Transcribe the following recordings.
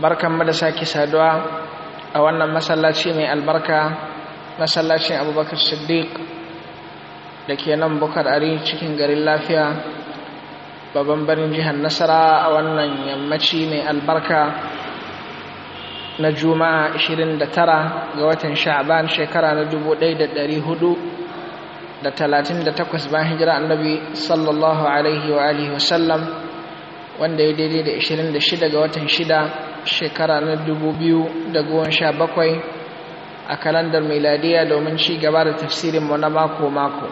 barkan da sake saduwa a wannan masallaci mai albarka masallacin abubakar siddiq da ke nan bukar ari cikin garin lafiya babban birnin jihar nasara a wannan yammaci mai albarka na juma'a 29 ga watan sha'ban shekara na 1438 bayan hijira annabi sallallahu alaihi wa alihi wasallam wanda ya daidai da 26 ga watan 6 shekara na 2017 a kalandar mai ladiya domin ci gaba da tafsirinmu na mako-mako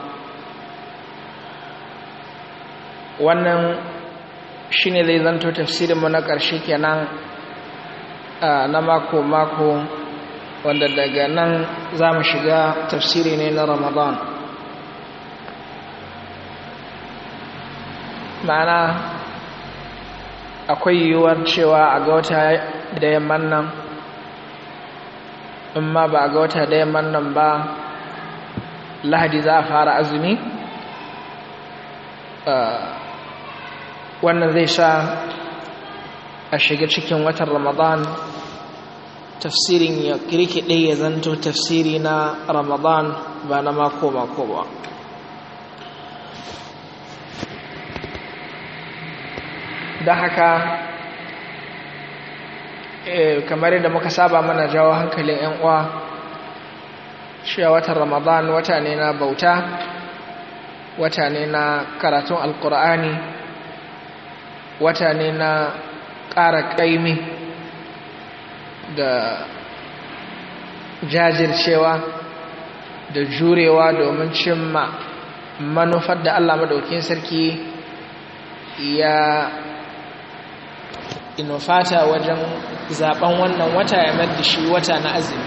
wannan shi ne zai zanto tafsirinmu na ƙarshe kenan na mako-mako wanda daga nan za mu shiga tafsiri ne na ramadan ma'ana akwai yiwuwar cewa a ga wata da yamman nan in ma ba a ga wata da yamman nan ba lahadi za a fara azumi eh, wannan zai sha a shiga cikin watan ramadan tafsirin ya kirkiɗe ya zanto tafsiri na ramadan ba na mako-mako ba Da haka eh, kamar yadda muka saba mana jawo hankalin 'yan uwa cewa watan ramadan wata ne na bauta wata ne na karatun alkur'ani wata ne na ƙara ƙaimi da jajircewa da jurewa domin cimma manufar da allah madaukin sarki ya inofata wajen zaben wannan wata ya da shi wata na azumi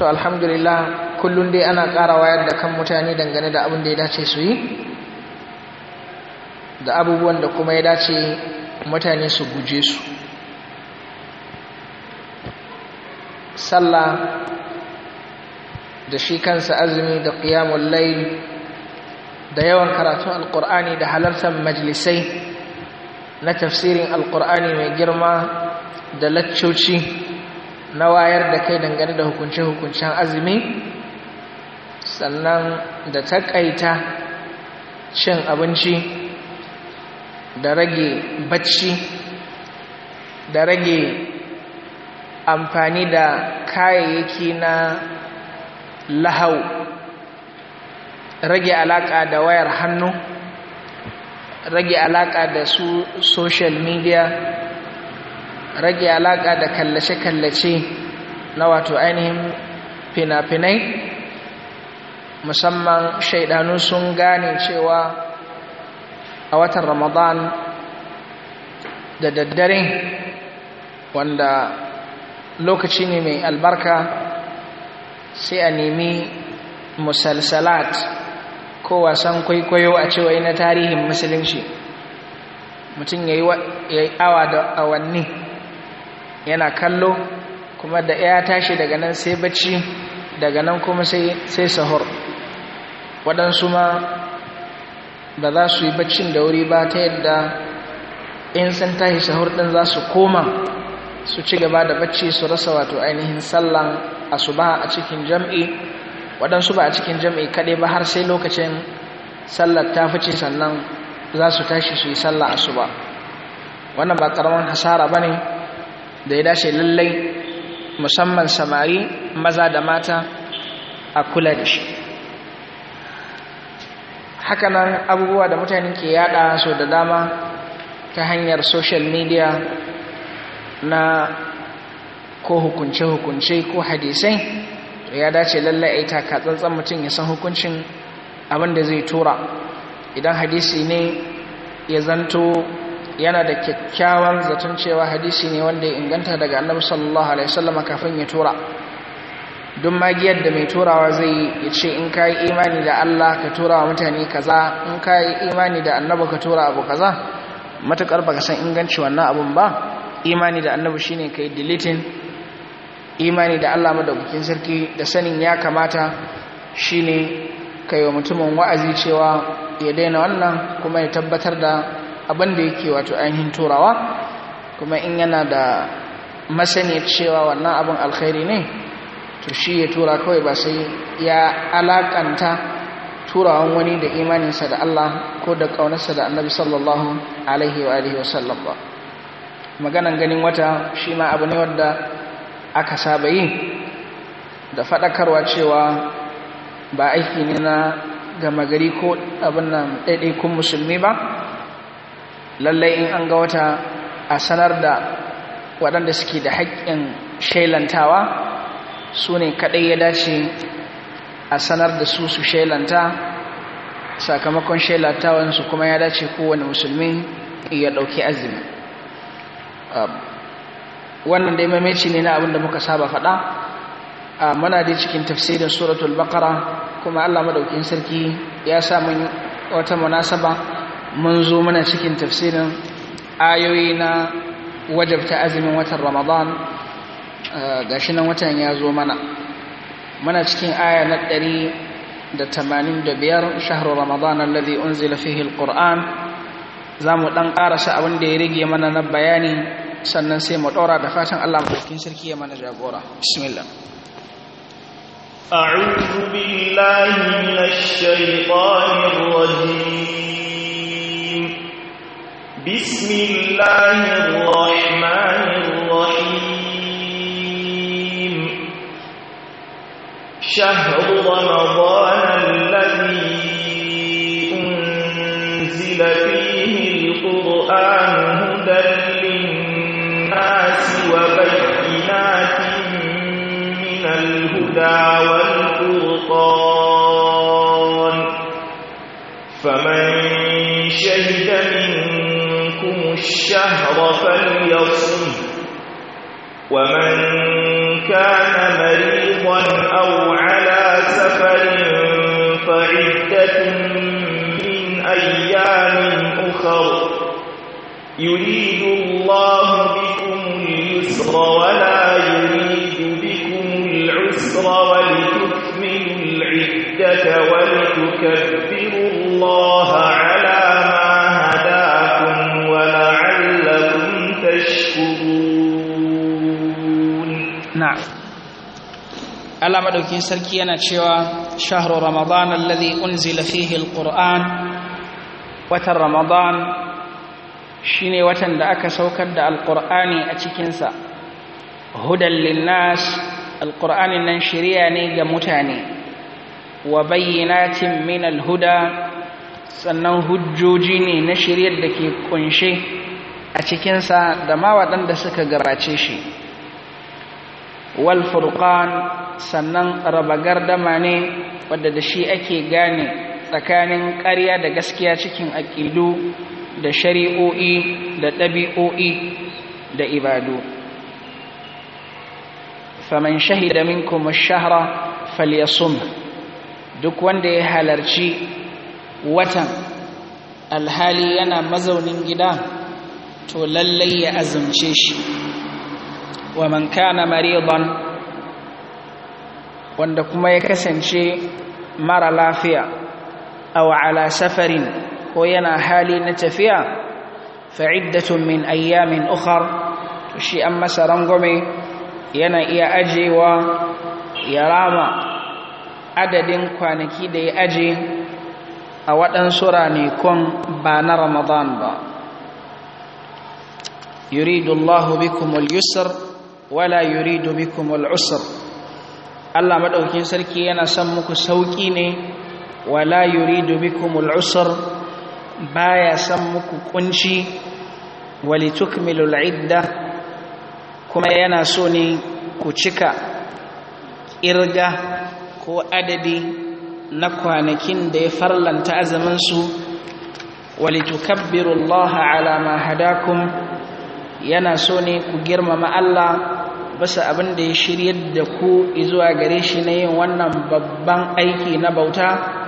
to alhamdulillah kullum dai ana ƙara wayar da kan mutane dangane da abin da ya dace su yi da abubuwan da kuma ya dace mutane su guje su sallah da shi kansa azumi da ƙiyamun laili da yawan karatun alkur'ani da halartar majalisai na tafsirin alkur'ani mai girma da laccoci na wayar da kai dangane da hukunce-hukuncen azumi sannan da takaita cin abinci da rage bacci da rage amfani da kayayyaki na lahau rage alaƙa da wayar hannu rage alaƙa da su social media rage alaƙa da kallace-kallace na wato ainihin fina-finai musamman shaidanu sun gane cewa a watan ramadan da daddare wanda lokaci ne mai albarka sai a nemi musalsalat ko wasan kwaikwayo a cewa na tarihin musulunci mutum ya yi awa da awanni yana kallo kuma da ya tashi daga nan sai bacci daga nan kuma sai sahur waɗansu ma ba za su yi baccin da wuri ba ta yadda in sun tashi sahur ɗin za su koma su ci gaba da bacci su rasa wato ainihin sallan asuba a cikin jam'i waɗansu ba a cikin jami'i kaɗai ba har sai lokacin sallar ta fice sannan za su tashi su yi sallar ba. wannan ba ƙaramin hasara ba ne da ya dace lallai musamman samari maza da mata a kula da shi hakanan abubuwa da mutane ke yada so da dama ta hanyar social media na ko hukunce-hukunce ko hadisai to ya dace lallai ai ka tsantsan mutum ya san hukuncin abin da zai tura idan hadisi ne ya zanto yana da kyakkyawan zaton cewa hadisi ne wanda ya inganta daga annabi sallallahu alaihi wasallam kafin ya tura duk magiyar da mai turawa zai ya ce in ka yi imani da Allah ka tura wa mutane kaza in ka yi imani da annabi ka tura abu kaza matukar baka san inganci wannan abun ba imani da annabi shine kai deleting imani da Allah madaukakin sarki da sanin ya kamata shine kai wa mutumin wa'azi cewa ya daina wannan kuma ya tabbatar da abin da yake wato ainihin turawa kuma in yana da masani cewa wannan abin alkhairi ne to shi ya tura kawai ba sai ya alakanta turawan wani da imaninsa da Allah ko da kaunarsa da annabi sallallahu alaihi wa alihi wa sallam ba maganan ganin wata shi ma abu ne wanda aka saba yi da faɗakarwa cewa ba aiki ne na gama gari ko abin nan ɗaiɗaikun musulmi ba lallai in an ga wata a sanar da waɗanda suke da haƙƙin shailantawa su ne kaɗai ya dace a sanar da su su shailanta sakamakon shailantawansu kuma ya dace kowane musulmi ya ɗauki azumi um, wannan dai mamaici ne na abinda muka saba faɗa a mana dai cikin tafsirin suratul baqara kuma Allah madaukin sarki ya sa mun wata munasaba mun zo mana cikin tafsirin ayoyi na wajabta azumin watan Ramadan gashi nan watan ya zo mana mana cikin aya na 185 shahru Ramadan alladhi unzila fihi alquran zamu dan karasa abin da ya rige mana na bayani sannan sai mu ɗora da fatan Allah maɗaukin sarki ya mana jagora bismillah أعوذ بالله من الشيطان الرجيم بسم الله الرحمن الرحيم شهر رمضان الذي أنزل فيه القرآن وبينات من الهدى والفرقان فمن شهد منكم الشهر فليصم ومن كان مريضا أو على سفر فعدة من أيام أخر يريد الله بكم اليسر ولا يريد بكم العسر ولتكملوا العدة ولتكبروا الله على ما هداكم ولعلكم تشكرون نعم Allah madaukin sarki yana cewa shahru ramadan alladhi unzila fihi alquran watan رمضان shine watan da aka saukar da alqur'ani a cikinsa hudan linnas alqur'anin nan shiriya ne ga mutane wa bayyinatin min alhuda sannan hujjoji ne na shiryar da ke kunshe a cikinsa da ma waɗanda suka gabace shi wal sannan raba gardama ne wadda da shi ake gane tsakanin ƙarya da gaskiya cikin aƙidu da shari'o'i da ɗabi'o'i da ibadu faman shahida minkum shahara falyasum duk wanda ya halarci watan alhali yana mazaunin gida to lallai ya azumce shi wa man kana maridan wanda kuma ya kasance mara lafiya aw ala safarin ko yana hali na tafiya fa'iddatun min ayyamin ukhar shi an masa rangwame yana iya ajewa ya rama adadin kwanaki da ya aje a waɗansu ranakun ba na ramadan ba yuridu allahu bikum al-yusr wala yuridu bikum al-usr Allah maɗaukin sarki yana son muku sauƙi ne wala yuridu bikum al-usr baya san muku kunci walitukmilul idda kuma yana so ne ku cika irga ko adadi na kwanakin da ya farlanta azaminsu walitukabbirullaha ala ma hadakum yana so ne ku girmama Allah basa abin da ya shiryar da ku zuwa gare shi na yin wannan babban aiki na bauta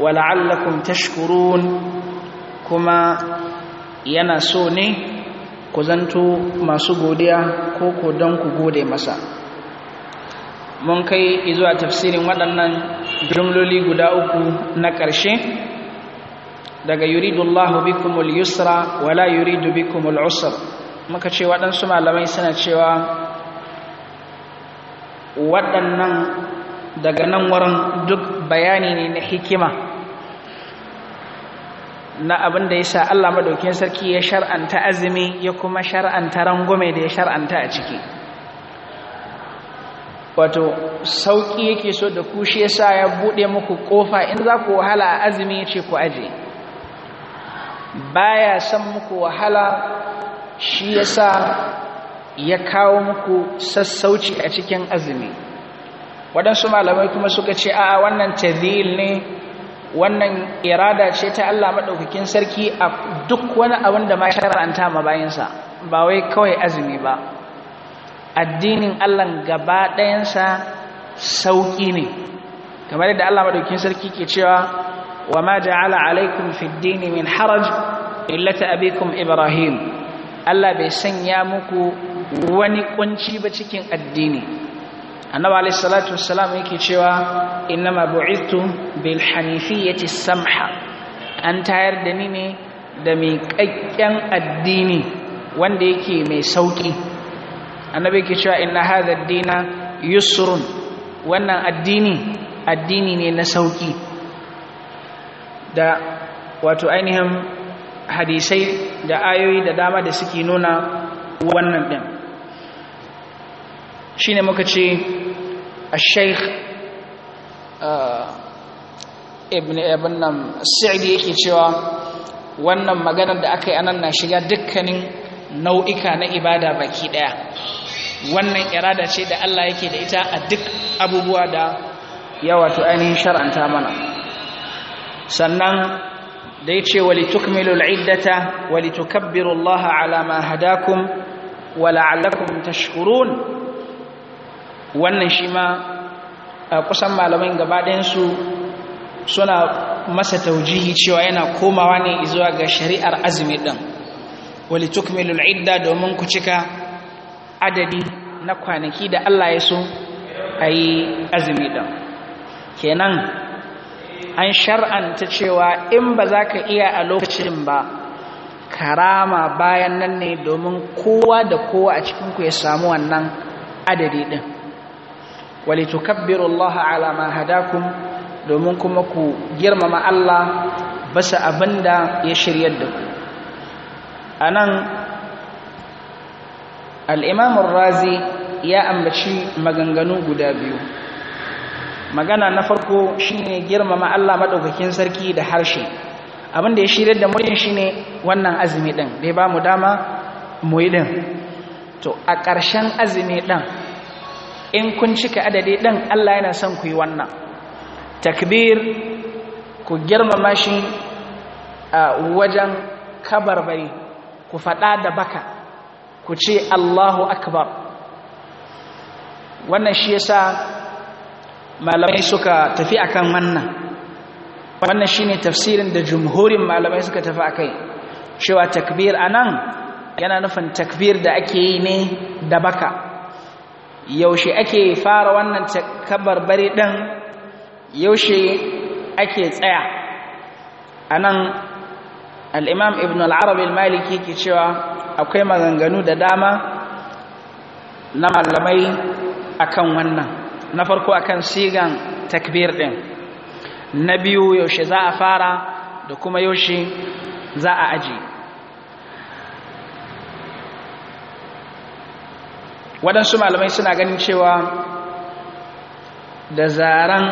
wala'allakum tashkurun kuma yana so ne ku zanto masu godiya ko ko don ku gode masa mun kai zuwa tafsirin waɗannan jumloli guda uku na ƙarshe daga yuridullahu bikumul yusra wala yuridu bikumul usr muka ce waɗansu malamai suna cewa waɗannan daga nan wurin duk bayani ne na hikima na abin da ya sa Allah madaukin sarki ya shar'anta azumi ya kuma shar'anta rangume da ya shar'anta a ciki wato sauƙi yake so da ku shi yasa ya buɗe muku ƙofa in za ku wahala a azumi ya ce ku aje baya san muku wahala shi yasa ya kawo muku sassauci a cikin azumi waɗansu malamai kuma suka ce a wannan tazil ne wannan irada ce ta Allah maɗaukakin sarki a duk wani abin da ma shara'anta ma bayansa ba wai kawai azumi ba addinin Allah gaba ɗayansa sauƙi ne kamar yadda Allah maɗaukakin sarki ke cewa wa ma وما alaikum عليكم min haraj من حرج Ibrahim Allah bai sanya muku wani kunci ba cikin addini. annabi alayhi salatu wassalam yake cewa innama bu'ithtu bil hanifiyyati samha an tayar da ni ne da mai kakken addini wanda yake mai sauki annabi yake cewa inna hadha ad-dina yusrun wannan addini addini ne na sauki da wato ainihin hadisai da ayoyi da dama da suke nuna wannan din shine muka ce الشيخ ibn ibn sa'idi yake cewa wannan maganar da aka yi anan na shiga dukkanin nau'ika na ibada baki ɗaya. wannan irada ce da Allah yake da ita a duk abubuwa da ya wato ainihin shar'anta mana sannan da yace walitukmilu wali walitukabbiru Allah ala ma hadakum wa la'allakum tashkurun wannan shi ma a kusan malamin gabaɗinsu suna masa taujihi cewa yana komawa ne zuwa ga shari'ar azumi ɗin wali tukmilul idda domin ku cika adadi na kwanaki da Allah ya so a yi azumi ɗin kenan an shar'anta cewa in ba za ka iya a lokacin ba karama bayan nan ne domin kowa da kowa a cikinku ya samu wannan adadi ɗin wali Allah ala ma hadakum domin kuma ku girmama Allah basa abinda ya shiryar da ku anan al-Imam razi ya ambaci maganganu guda biyu magana na farko shine girmama Allah madaukakin sarki da harshe abinda ya shiryar da mu shine wannan azumi din bai ba mu dama mu yi din to a ƙarshen azumi din in kun cika adadi ɗin Allah yana son ku yi wannan takbir ku girmama shi wajen kabarbari ku faɗa da baka ku ce Allahu akbar wannan shi yasa malamai suka tafi akan wannan wannan shine tafsirin da jumhurin malamai suka tafi akai cewa takbir anan yana nufin takbir da ake yi ne da baka yaushe ake fara wannan takabarbari ɗin yaushe ake tsaya a nan al'imam ibn al'arabi maliki ke cewa akwai maganganu da dama na malamai akan wannan na farko akan sigan takbir ɗin na biyu yaushe za a fara da kuma yaushe za a ajiye waɗansu malamai suna ganin cewa da zaran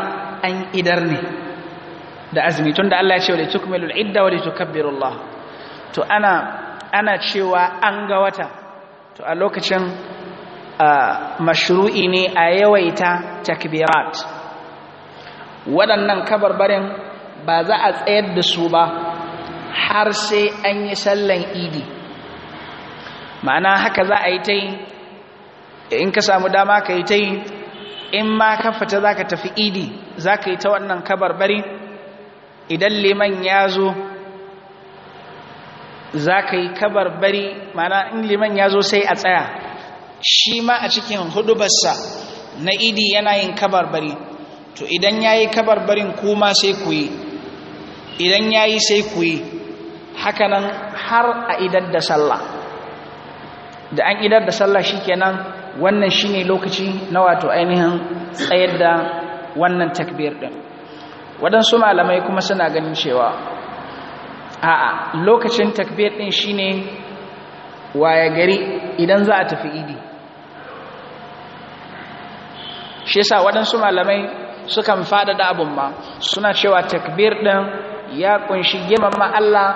an idar ne da azumi tun da Allah ya ce wa tukmilul idda wa tukabbirullah to ana ana cewa an ga wata to a lokacin mashru'i ne a yawaita takbirat waɗannan kabarbarin ba za a tsayar da su ba har sai an yi sallan idi ma'ana haka za a yi ta yi in ka samu dama ka yi ta yi in ma ka fita za ka tafi idi za ka yi ta wannan kabarbari idan liman ya zo za ka yi kabarbari mana in liman ya zo sai a tsaya shi ma a cikin hudubarsa na idi yana yin kabarbari to idan ya yi kabarbarin kuma sai ku yi idan ya yi sai ku yi hakanan har a idar da sallah da an idar da sallah shi kenan wannan shine lokaci na wato ainihin tsayar da wannan takbir ɗin. waɗansu malamai kuma suna ganin cewa a'a lokacin takbir din shine waya gari idan za a tafi idi shi yasa waɗansu malamai sukan faɗaɗa abun ba. suna cewa takbir ɗin ya kunshi girmama Allah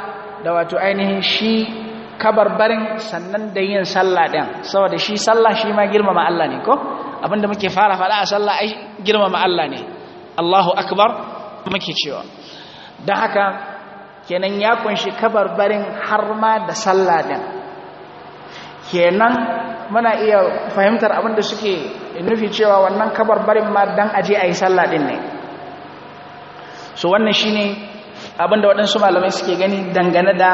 da wato ainihin shi kabarbarin sannan da yin sallah ɗin saboda shi sallah shi ma girmama Allah ne ko abinda muke fara faɗa a sallah ai girmama Allah ne Allahu akbar muke cewa don haka kenan ya kunshi kabarbarin har ma da sallah ɗin kenan muna iya fahimtar abinda suke nufi cewa wannan kabarbarin ma dan aje a yi sallah ɗin ne so wannan shine abinda waɗansu malamai suke gani dangane da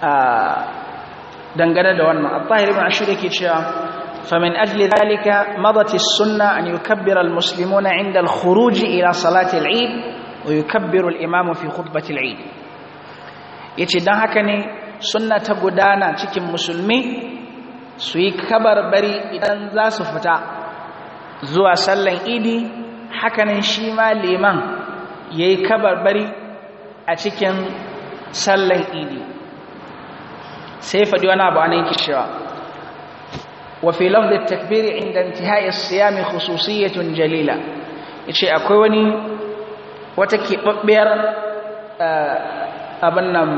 dangane da wannan al-tahir ibn ashur yake cewa fa min ajli zalika madat as-sunna an yukabbira al-muslimuna 'inda al-khuruj ila salati al-eid wa yukabbiru al-imam fi khutbati al-eid yace dan haka ne sunna ta gudana cikin musulmi su yi kabarbari idan za su fita zuwa sallan idi haka ne shi ma liman yayi kabarbari a cikin sallan idi sai fadi wani abu anan yake wa fi lafzi takbiri inda intihai siyami khususiyatun jalila yace akwai wani wata keɓaɓɓiyar eh, abin nan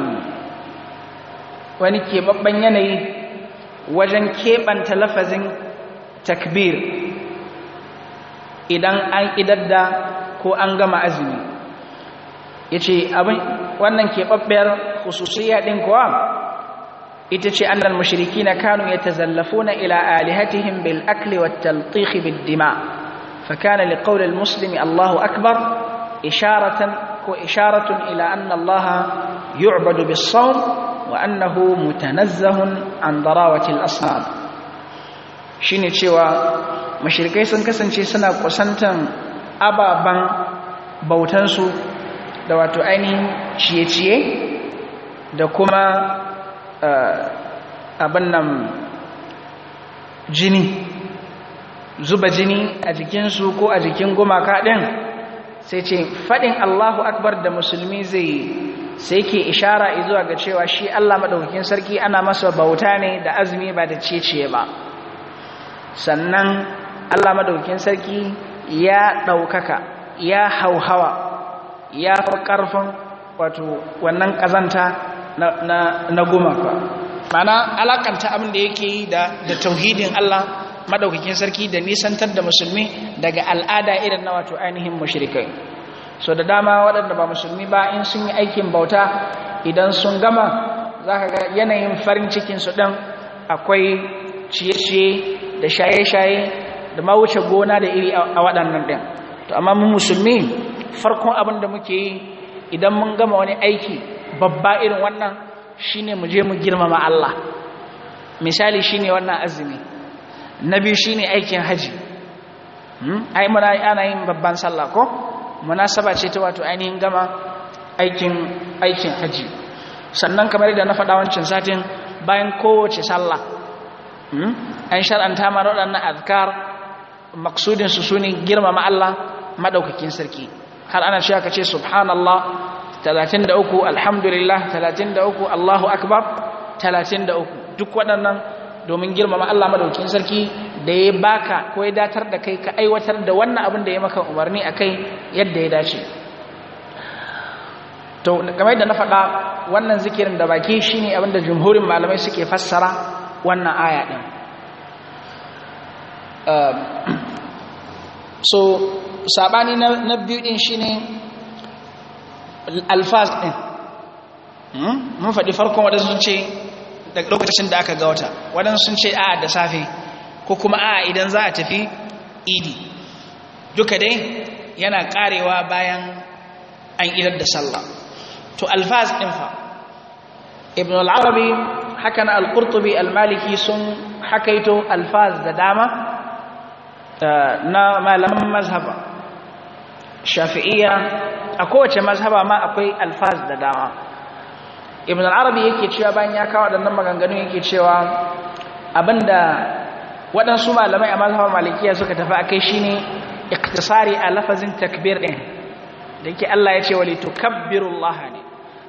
wani keɓaɓɓen yanayi wajen keɓanta lafazin takbir idan an idadda ko an gama azumi yace abin wannan keɓaɓɓiyar khususiyya din kuwa ita ce annal mushrikina kanu tazallafuna ila alihatihim bil akli wat taltikh bid dima fa kana liqawli musulmi muslimi Allahu akbar isharatan ko isharatun ila annallaha Allah yu'badu bis wa annahu mutanazzahun an darawati al shi shine cewa mashirikai sun kasance suna kusantan ababen bautansu da wato ainihin ciye-ciye da kuma Eh, abin nan jini zuba jini a jikinsu ko a jikin gumaka ɗin sai ce faɗin allahu akbar da musulmi zai sai ke ishara zuwa ga cewa shi allah maɗaukakin sarki ana masa bauta ne da azumi ba da cece ba sannan allah maɗaukakin sarki ya ɗaukaka ya hauhawa ya ƙarfin wato wannan ƙazanta na gumaka mana alakanta abin da yake yi da tauhidin Allah madaukakin sarki da nisantar da musulmi daga al'ada irin na wato ainihin mashirikai so da dama waɗanda ba musulmi ba in sun yi aikin bauta idan sun gama za ka ga yanayin farin cikinsu ɗan akwai ciye-ciye da shaye-shaye da mawuce gona da iri a waɗannan ɗin to amma mu musulmi farkon abin da muke yi idan mun gama wani aiki babba irin wannan shine mu je mu girmama Allah misali shine wannan azumi na biyu shine aikin haji hmm? ai muna ana yin babban sallah ko munasaba ce ta wato ainihin gama aikin aikin haji sannan kamar da na faɗa wancan satin bayan kowace sallah hmm? an shar'anta mana waɗannan azkar maksudin su sune girmama Allah madaukakin sarki har ana aka ce subhanallah Talatin da uku alhamdulillah uku Allahu akbar uku duk waɗannan domin girmama Allah madaukin sarki da ya baka ko ya datar da kai ka aiwatar da wannan abin da ya maka umarni a kai yadda ya dace to kamar da na faɗa wannan zikirin da baki shine abin da jumhurin malamai suke fassara wannan aya din ehm, so sabani na biyu din shine alfaz ɗin hmm? mun faɗi farkon waɗansu sun ce daga lokacin da aka ga wata waɗansu sun ce a da safe ko kuma a idan za a tafi idi duka dai yana ƙarewa bayan an idar da sallah to alfaz ɗin fa ibn al-arabi na al-qurtubi al-maliki sun hakaito alfaz da dama eh, na malaman mazhaba shafi'iyya a kowace mazhaba ma akwai alfaz da dama ibn al-arabi yake cewa bayan ya kawo waɗannan maganganu yake cewa abinda waɗansu malamai a mazhabar malikiya suka tafi akai shine iktisari a lafazin takbir din da yake Allah ya ce wa litukabbirullah ne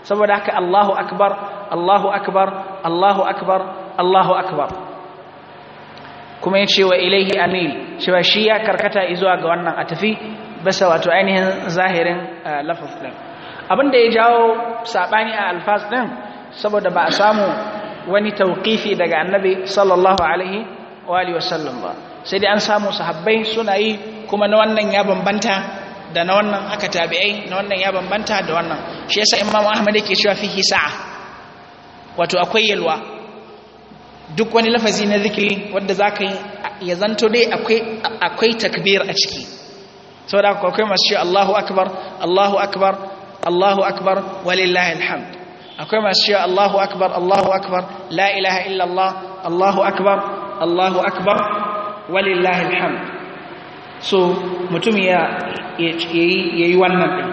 saboda haka Allahu akbar Allahu akbar Allahu akbar Allahu akbar kuma ya ce wa ilaihi anil cewa shi ya karkata izuwa ga wannan a tafi bisa wato ainihin zahirin eh, lafaz din abin da ya jawo sabani a alfaz din saboda ba a samu wani tawqifi daga annabi sallallahu alaihi wa alihi wasallam ba sai dai an samu sahabbai suna yi kuma na wannan ya bambanta da na wannan aka tabi'ai na wannan ya bambanta da wannan shi yasa imamu ahmad yake cewa fihi sa'a wato akwai yalwa duk wani lafazi na zikiri wanda zaka yi ya zanto dai akwai akwai takbir a ciki saboda haka akwai masu ce Allahu akbar Allahu akbar Allahu akbar walillahi alhamd akwai masu ce Allahu akbar Allahu akbar la ilaha illa Allah Allahu akbar Allahu akbar walillahi alhamd so mutum ya yi wannan din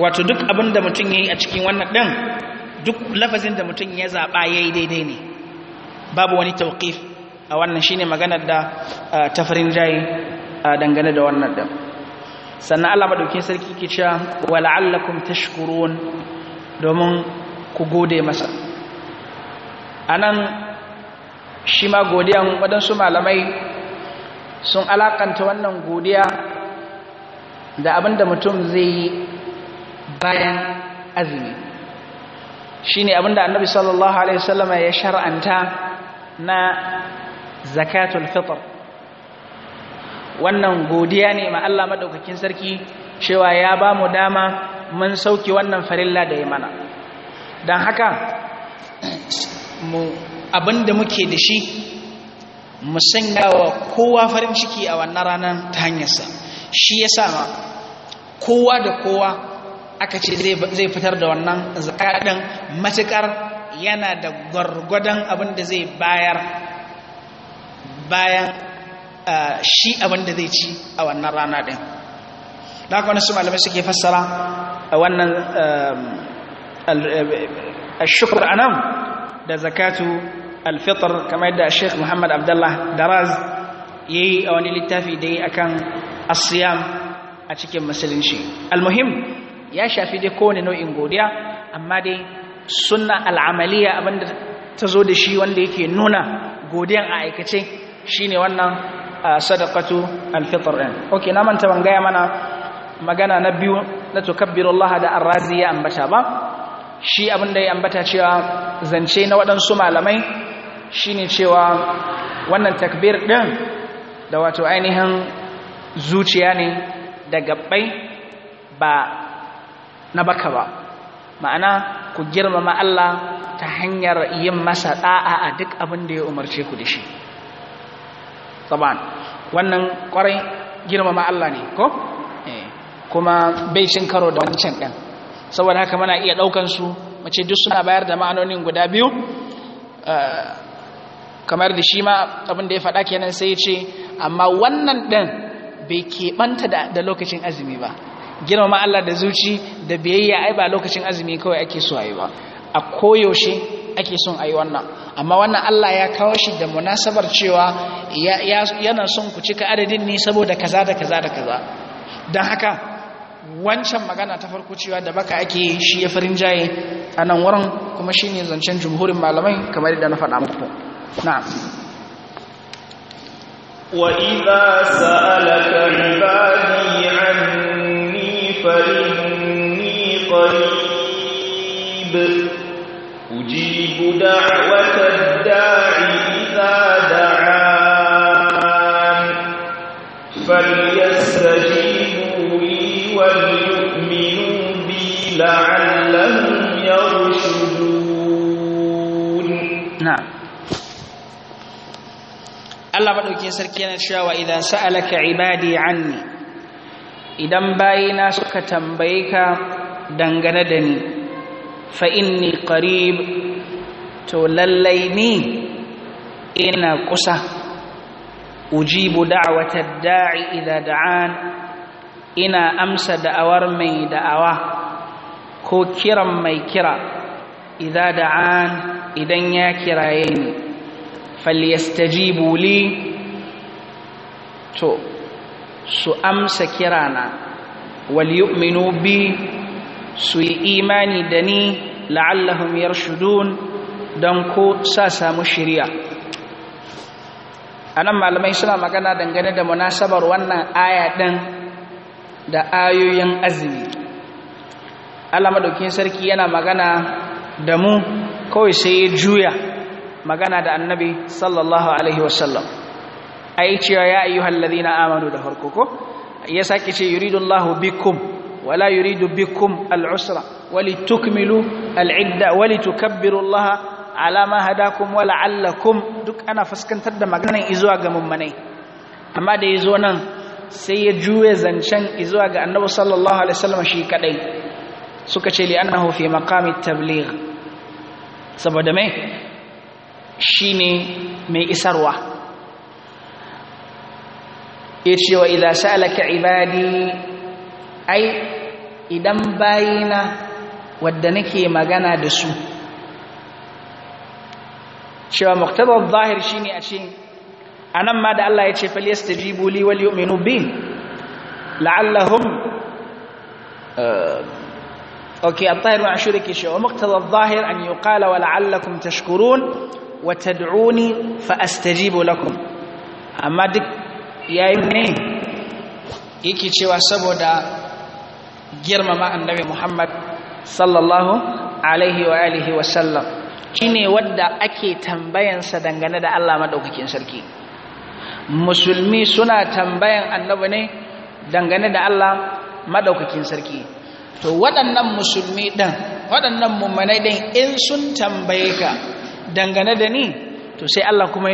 wato duk abinda mutum yayi a cikin wannan din duk lafazin da mutum ya zaɓa ya yi daidai ne babu wani tauƙif a wannan shine maganar da tafarin jayi dangane da wannan da sannan Allah madaukin sarki ke cewa wala'allakum tashkurun domin ku gode masa A nan, shi ma godiyan waɗansu malamai sun alaƙanta wannan godiya da abinda mutum zai yi bayan azumi shine abinda annabi sallallahu alaihi wasallama ya shar'anta na zakatul fitr wannan godiya ne ma Allah madaukakin sarki cewa ya ba mu dama mun sauki wannan farilla da ya mana don haka abinda muke da shi mu sanya wa kowa farin ciki a wannan ranar ta hanyarsa shi ya sa kowa da kowa aka ce zai fitar da wannan zakaɗin matuƙar yana da gwargwadon abin da zai bayar bayan shi abin da zai ci a wannan rana ɗin da wani su malamai suke fassara a wannan الشكر um, أنام eh, da zakatu alfitar kamar yadda sheikh muhammad abdullah daraz ya yi a wani littafi da yi akan asiyam a cikin musulunci almuhim ya shafi dai kowane nau'in godiya amma dai sunna al'amaliya abinda ta zo da shi wanda yake nuna godiyan a aikace shine wannan sadaqatu al ɗin. din okay na manta bangaya mana magana na biyu na tukabbirullaha da ar-razi ya ambata ba shi abinda ya ambata cewa zance na waɗansu malamai shine cewa wannan takbir ɗin da wato ainihin zuciya ne da gabbai ba na baka ba ma'ana ku girmama Allah ta hanyar yin masa da'a a duk abin da ya umarce ku da shi saban wannan kwarai girmama Allah ne ko eh, kuma bai cin karo da wancan ɗin saboda haka muna iya ɗaukan su mace duk suna bayar da ma'anonin guda biyu eh, kamar da shi ma abin da ya faɗa kenan sai ce amma wannan ɗin bai keɓanta da lokacin azumi ba girmama Allah da zuci da biyayya ai ba lokacin azumi kawai ake so ayi ba a koyaushe ake son ayi wannan amma wannan Allah ya kawo shi da munasabar cewa yana son ku cika adadin ne saboda kaza da kaza da kaza dan haka wancan magana ta farko cewa da baka ake shi ya farin jaye a nan wurin kuma shi ne zancen jumhurin malamai kamar yadda na faɗa muku na'am وَإِذَا sa'alaka ibadi عَنِّي فإني قريب أجيب دعوة الداع إذا دعان فليستجيبوا لي وليؤمنوا بي لعلهم يرشدون نعم الله بدو كيسر yana cewa إذا سألك عبادي عني idan bayina suka tambaye ka dangane da ni fa inni qarib to lallai ni ina kusa ujibu da'watad da'i idza da'an ina amsa da'awar mai da'awa ko kiran mai kira idza da'an idan ya kiraye ni falyastajibu li to su amsa kirana wal yu'minu bi su yi imani da ni la'allahum yarshudun dan ko sa samu shiriya anan malamai suna magana dangane da munasabar wannan aya din da ayoyin azumi Allah madaukin sarki yana magana da mu kawai sai ya juya magana da annabi sallallahu alaihi wasallam ai cewa ya ayyuhal ladina amanu da farko ko ya sake ce yuridu Allahu bikum wala yuridu bikum al-usra tukmilu al-idda walitukabbiru Allah ala hadakum wa la'allakum duk ana fuskantar da maganar izuwa ga mummanai amma da yazo nan sai ya juye zancen izuwa ga Annabi sallallahu alaihi wasallam shi kadai suka ce li annahu fi maqami tabligh saboda mai shine mai isarwa ya ce wa idan sa'alaka ibadi ai idan bayina wadda nake magana da su cewa muktabar zahir shi ne a ce anan ma da Allah ya ce faliyas ta jibuli wal yi'minu bin la'allahun eh, ok a tahiru a shuri ke cewa muktabar zahir an yi kala wa la'allakun tashkurun wa tad'uni fa amma duk yayi ne yake cewa saboda girmama annabi Muhammad sallallahu alaihi wa alihi wa sallam shine wadda ake tambayansa dangane da Allah madaukakin sarki musulmi suna tambayan annabi ne dangane da Allah madaukakin sarki to waɗannan musulmi ɗin waɗannan mummanai ɗin in sun tambaye ka dangane da ni to sai Allah kuma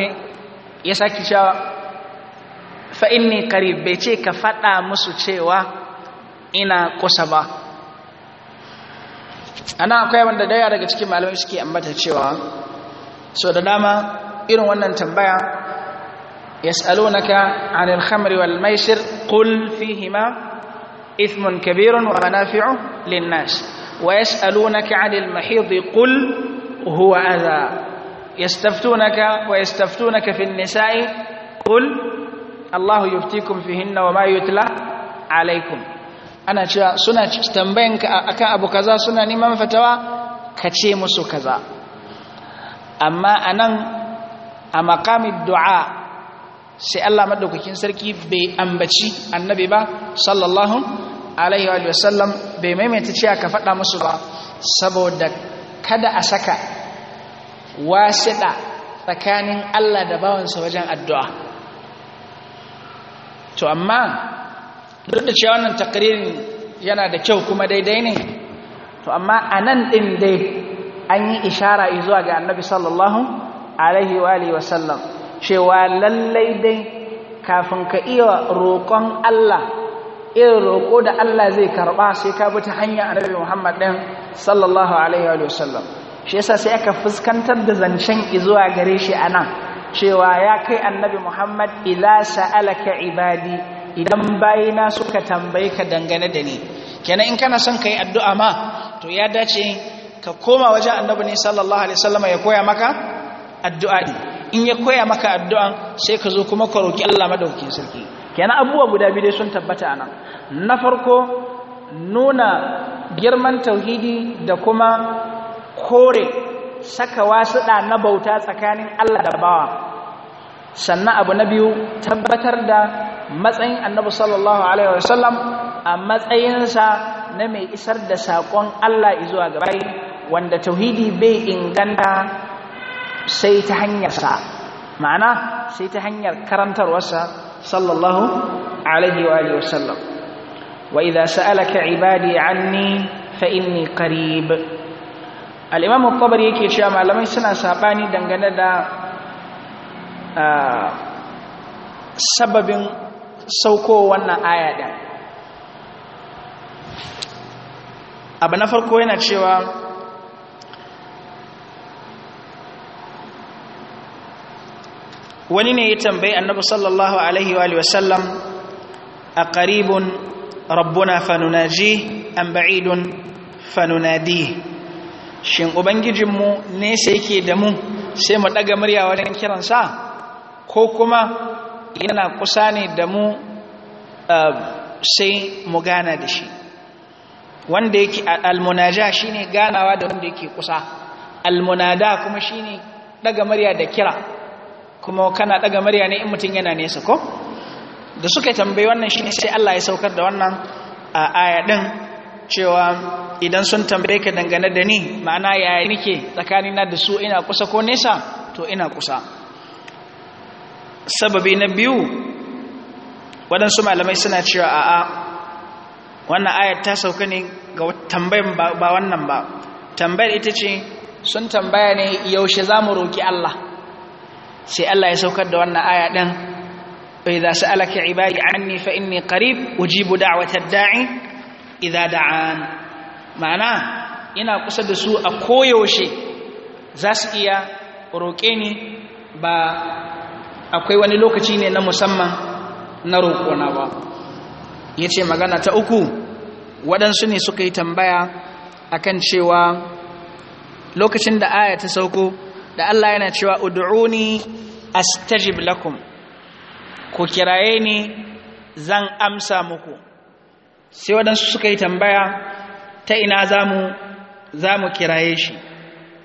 ya saki cewa fa inni qarib bai ce ka fada musu cewa ina kusa ba ana akwai wanda daya daga cikin malamai suke ambata cewa so da dama irin wannan tambaya yas'alunaka 'anil khamri wal maisir qul fihima ithmun kabirun wa manafi'u lin-nas wa yas'alunaka 'anil mahid qul huwa adha yastaftunaka wa yastaftunaka fin nisa'i qul Allahu yuftikum fihinna wa ma yutla alaikum ana cewa suna tambayan ka akan abu kaza suna neman fatawa ka ce musu kaza amma anan a maqamid du'a sai Allah madaukakin sarki bai ambaci annabi ba sallallahu alaihi wa sallam bai maimaita cewa ka faɗa musu ba saboda kada a saka wasiɗa tsakanin Allah da bawansa wajen addu'a to amma duk da cewa wannan takririn yana da kyau kuma daidai ne to amma a nan ɗin dai an yi ishara zuwa ga annabi sallallahu alaihi wa alihi wasallam cewa lallai dai kafin ka iya roƙon Allah irin roƙo da Allah zai karɓa sai ka bi ta hanyar annabi Muhammad ɗin sallallahu alaihi wa sallam shi yasa sai aka fuskantar da zancen zuwa gare shi a nan cewa ya kai annabi Muhammad ila sa'alaka ibadi idan bayina suka tambaye ka dangane da ni kenan in kana son kai addu'a ma to ya dace ka koma wajen annabi ne sallallahu alaihi wasallam ya koya maka addu'a in ya koya maka addu'a sai ka zo kuma ka roki Allah madaukakin sarki kenan abubuwa guda biyu sun tabbata anan na farko nuna girman tauhidi da kuma kore saka wasuɗa na bauta tsakanin Allah da bawa sannan abu na biyu tabbatar da matsayin annabi sallallahu alaihi wasallam a matsayinsa na mai isar da saƙon Allah zuwa ga wanda tauhidi bai inganta sai ta hanyarsa ma'ana sai ta hanyar karantarwarsa sallallahu alaihi wa alihi wasallam wa idza sa'alaka ibadi anni fa inni qarib al'imam al yake cewa malamai suna saɓani dangane da sababin sauko wannan aya ɗin abu na farko yana cewa wani ne ya tambayi annabi sallallahu alaihi wa sallam a ƙaribin rabbuna fanunaji an ba'idun fanunadi shin ubangijinmu nesa yake da mu sai mu ɗaga murya wajen kiransa ko kuma yana kusa ne da mu eh, sai mu gana da shi wanda yake almunaja shine ganawa da wanda yake kusa almunada kuma shine ɗaga murya da kira kuma kana ɗaga murya ne in mutum yana nesa ko da suka tambayi wannan shine sai Allah ya saukar da wannan a eh, aya din cewa idan sun tambaye ka dangane da ni ma'ana yaya nike tsakanina da su ina kusa ko nesa to ina kusa sababi na biyu waɗansu malamai suna cewa a'a wannan ayar ta sauka ne ga tambayin ba wannan ba tambayar ita ce sun tambaya ne yaushe za mu roƙi Allah sai Allah ya saukar da wannan aya ɗin bai za su alaka ibadi anni fa inni qarib ujibu da'awatar da'i idza da'an ma'ana ina kusa da su a koyaushe za su iya roƙe ni ba akwai wani lokaci ne na musamman na roƙona ba ya ce magana ta uku waɗansu ne suka yi tambaya akan cewa lokacin da aya ta sauko da Allah yana cewa ud'uni astajib lakum ko kiraye ni zan amsa muku sai waɗansu suka yi tambaya ta ina za mu kiraye shi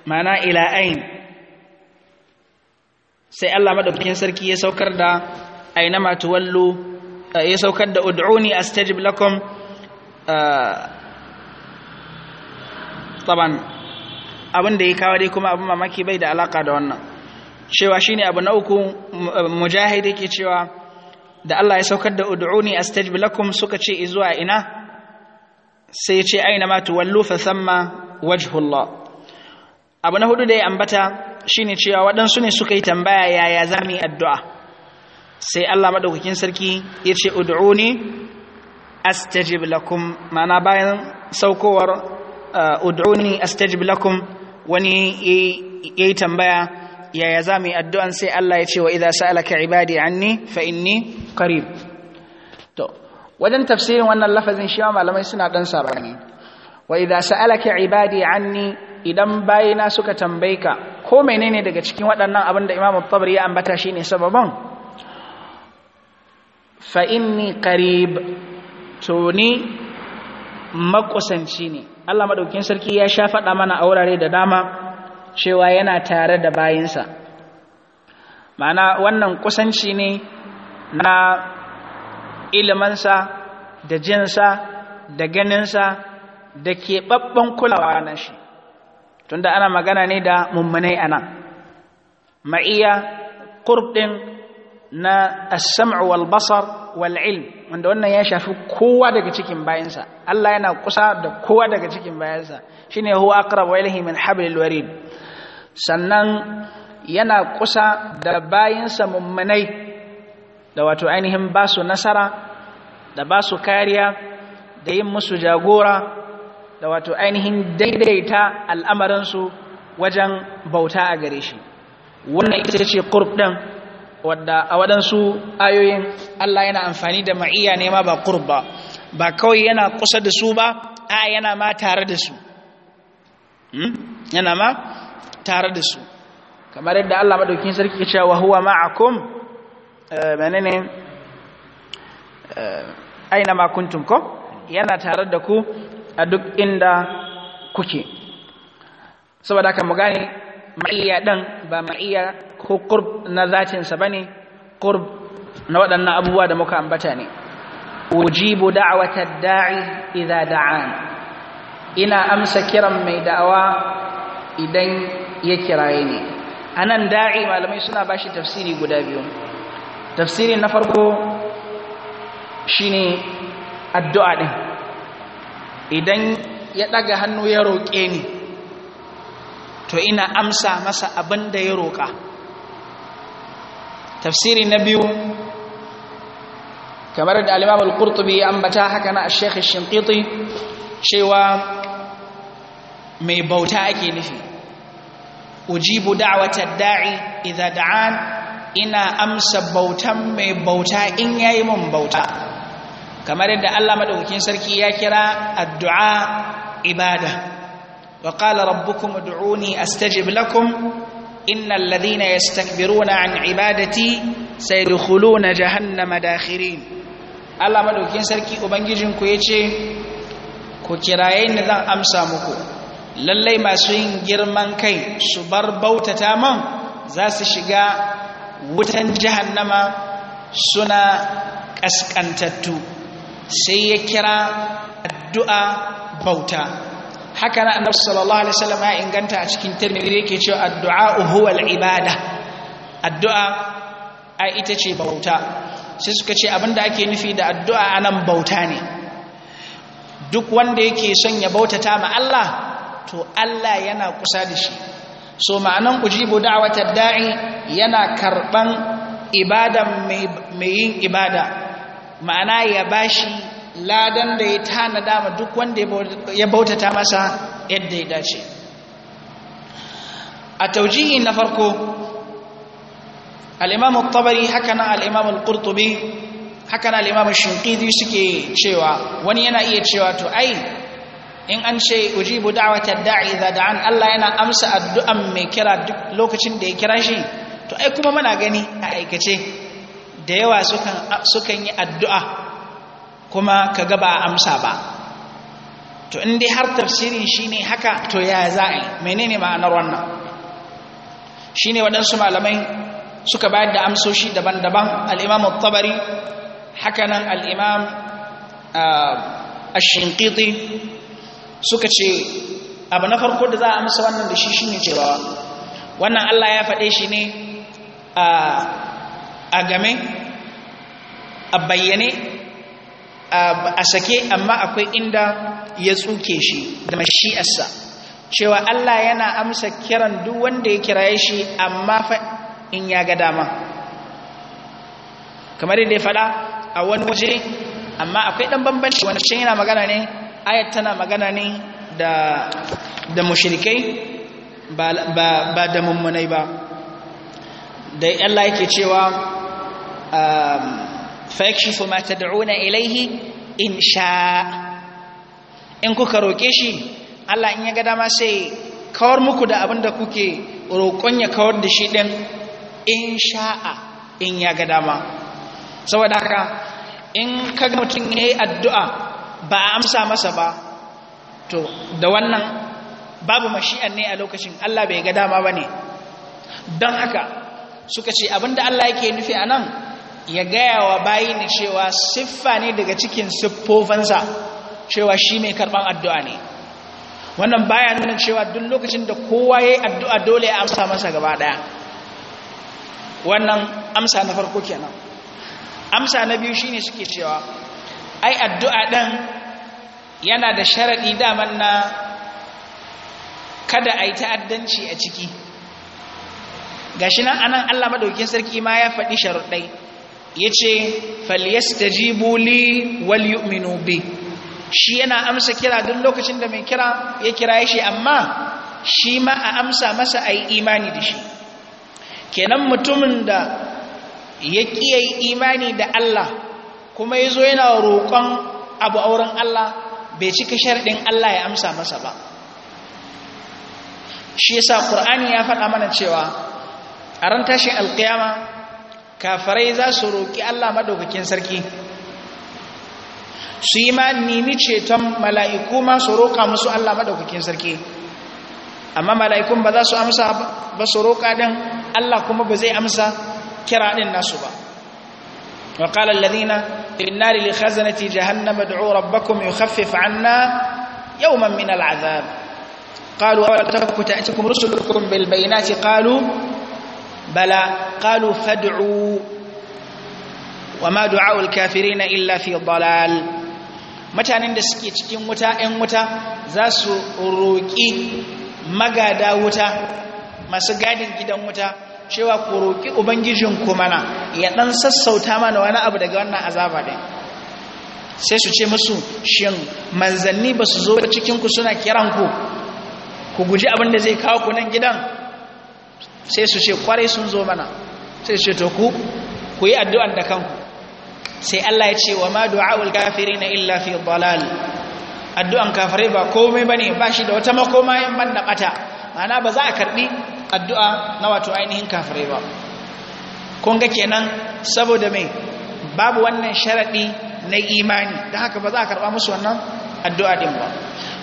mana ila'ain sai Allah maɗaukakin sarki ya saukar da aina matuwallo eh, ya saukar da ud'uni astajib lakum eh, taban abin da ya kawo dai kuma abin mamaki bai da alaka da wannan cewa shine abu na uku eh, mujahid yake cewa da Allah ya saukar da ud'uni astajib lakum suka ce izuwa ina sai ya ce aina ma tuwallu fa thamma Allah abu na hudu da ya ambata shine cewa waɗansu ne suka yi tambaya yaya za yi addu'a sai Allah madaukakin sarki ya ce ud'uni astajib lakum ma'ana bayan saukowar uh, ud'uni astajib lakum wani yayi tambaya yaya za mu yi addu'an sai Allah ya ce wa idza sa'alaka ibadi anni fa inni qarib to wajen tafsirin wannan lafazin shi malamai suna ɗan sabani wa idza sa'alaka ibadi anni idan bayina suka tambai ka ko menene daga cikin waɗannan abin da Imam tabar ya ambata ne sababan fa inni qarib to ni makusanci ne Allah maɗaukin sarki ya sha faɗa mana a wurare da dama cewa yana tare da bayinsa mana wannan kusanci ne na ilimansa da jinsa da ganinsa da keɓaɓɓen kulawa na shi tunda ana magana ne da mummunai anan. ma'iya ƙurɗin na as-sam'u wal basar wal ilm wanda wannan ya shafi kowa daga cikin bayansa Allah yana kusa da kowa daga cikin bayansa shine huwa aqrabu ilayhi min hablil warid sannan yana kusa da bayansa mummunai da wato ainihin ba su nasara da ba su kariya da yin musu jagora da wato ainihin daidaita al'amarinsu wajen bauta a gare shi wannan ita ce kurb ɗin wadda a waɗansu ayoyin Allah yana amfani da ma'iyya ne ma ba ƙurb ba ba kawai yana kusa da su ba a yana ma tare da su hmm? yana ma tare da su kamar yadda Allah madaukin sarki ya wa huwa ma'akum eh, menene eh, aina ma kuntum ko yana tare da ku a duk inda kuke saboda haka mu gane ma'iyya dan ba ma'iyya ko qurb na zatin sa bane qurb na waɗannan abubuwa da muka ambata ne ujibu ta da'i idza da'an ina amsa kiran mai da'awa idan ya kiraye ne a nan da'i malamai suna bashi tafsiri guda biyu tafsiri na farko shi ne addu'a ɗin idan ya ɗaga hannu ya roƙe ni to ina amsa masa abin da ya roƙa tafsiri na biyu kamar da alimam al-qurtubi ya ambata haka na sheikh shinkiti cewa mai bauta ake nufi ujibu da'watad da'i idza da'an ina amsa bautan mai bauta in yayi mun bauta kamar yadda Allah madaukakin sarki ya kira addu'a ibada wa qala rabbukum ud'uni astajib lakum innal ladhina yastakbiruna an ibadati sayadkhuluna jahannama dakhirin Allah madaukakin sarki ubangijinku yace ku kiraye ni zan amsa muku lallai masu yin girman kai su bar bautata man za su shiga wutan jahannama suna ƙasƙantattu sai ya kira addu'a bauta haka na annabi sallallahu alaihi wasallam ya inganta a cikin da yake cewa addu'a uhuwal ibada addu'a a ita ce bauta sai suka ce abinda ake nufi da addu'a anan bauta ne duk wanda yake son ya bautata ma Allah to Allah yana kusa da shi so ma'anan ujibu da'watar da'i yana karban ibadan mai yin ibada ma'ana ya bashi ladan da ya tanada ma duk wanda ya bautata masa yadda ya dace a taujihi na farko al-imam at-tabari haka na al-imam haka na al-imam ash suke cewa wani yana iya cewa to ai in an ce ujibu da'watar da'i idza da'an Allah yana amsa addu'an mai kira duk lokacin da ya kira shi to ai kuma muna gani a aikace da yawa sukan yi addu'a kuma kaga ba amsa ba to in dai har tafsirin shine haka to ya za'i menene ma'anar wannan shine waɗansu malamai suka bayar da amsoshi daban-daban al-Imam hakanan al-Imam ah, ash suka ce abu na farko da za a amsa wannan da shi shi ne cewa wannan Allah ya faɗe shi ne a game a bayyane a sake amma akwai inda ya tsuke shi da mashi'arsa cewa Allah yana amsa kiran duk wanda ya kiraye shi amma fa in ya ga dama kamar yadda ya faɗa a wani waje amma akwai ɗan bambanci wani can yana magana ne ayat tana magana ne da da mushrikai ba ba da mummunai ba da Allah yake cewa um, fa yakshifu ma tad'una ilayhi in sha in kuka roke shi Allah in ya ga dama sai kawar muku da abinda kuke roƙon ya kawar da shi ɗin in sha'a in ya ga dama saboda haka in kaga mutum ya yi addu'a ba a amsa masa ba to da wannan babu mashi'an ne a lokacin Allah bai ga dama ba ne don haka suka ce abinda Allah yake nufi a nan ya gaya wa bayi ne cewa siffa ne daga cikin siffofansa cewa shi mai karban addu'a ne wannan baya nuna cewa duk lokacin da kowa ya yi addu'a dole ya amsa masa gaba ɗaya wannan amsa na farko kenan amsa na biyu shine suke cewa ai addu'a ɗan yana da sharaɗi daman na kada a yi ta'addanci a ciki gashi nan anan Allah madaukin sarki ma ya faɗi sharaɗai ya ce falyastajibu li wal yu'minu bi shi yana amsa kira duk lokacin da mai kira ya kira shi amma shi ma a amsa masa a imani da shi kenan mutumin da ya yi imani da Allah kuma ya zo yana roƙon abu auren Allah bai cika sharɗin Allah ya amsa masa ba shi yasa ƙur'ani ya faɗa mana cewa a ran tashin alƙiyama kafarai za su roƙi Allah madaukakin sarki su yi ma nemi ceton mala'iku ma su roƙa musu Allah madaukakin sarki amma mala'ikun ba za su amsa ba su roƙa ɗin Allah kuma ba zai amsa kira ɗin nasu ba wa ƙalar lalina في النار لخزنة جهنم ادعوا ربكم يخفف عنا يوما من العذاب قالوا أولا تأتكم رسلكم بالبينات قالوا بلى قالوا فادعوا وما دعاء الكافرين إلا في ضلال متى نندسكي تكيم متى إن متى wuta الروكي su roƙi ما سقادن masu متى cewa ku roƙi ku mana ya ɗan sassauta mana wani abu daga wannan azaba ɗin sai su ce musu shin manzanni ba su zo cikinku suna kiranku ku guji abin da zai kawo ku nan gidan sai su ce kwarai sun zo mana sai su ce to ku ku yi addu'an da kanku sai Allah ya ce wa ma du'a'ul kafiri na illa fi dalal addu'an kafirai ba komai bane ba shi da wata makoma yan banda bata ma'ana ba za a karbi addu'a na wato ainihin kafirai ba kun ga kenan saboda mai babu wannan sharaɗi na imani da haka ba za a karɓa musu wannan addu'a din ba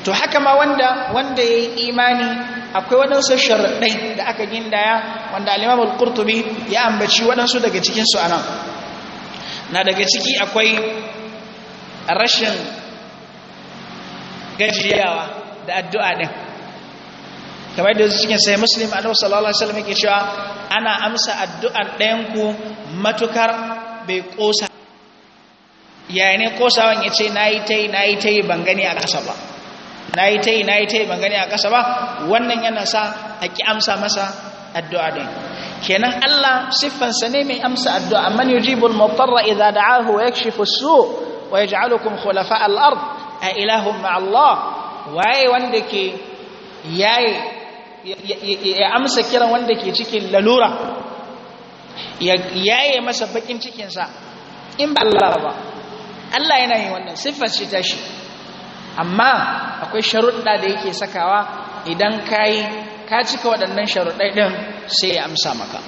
to haka ma wanda wanda ya imani akwai waɗansu sharaɗai da aka gindaya wanda alimamul kurtubi ya ambaci waɗansu daga cikinsu su anan na daga ciki akwai rashin gajiyawa da addu'a din. kamar da cikin sai muslim annabi sallallahu alaihi wasallam yake cewa ana amsa addu'ar ɗayan ku matukar bai kosa yayin ne kosawan yace nayi tai nayi tai ban gani a kasa ba nayi tai nayi tai ban gani a kasa ba wannan yana sa a ki amsa masa addu'a din kenan Allah siffansa ne mai amsa addu'a man yujibul mutarra idza da'ahu wa yakshifu as-su' wa yaj'alukum khulafa al-ard a ilahum ma'a Allah waye wanda ke yaye ya amsa kiran wanda ke cikin lalura ya yaye masa bakin cikinsa in ba Allah ba Allah yana yin wannan siffar shi ta shi amma akwai sharuɗa da yake sakawa idan kayi ka cika waɗannan sharuɗai ɗin sai ya amsa maka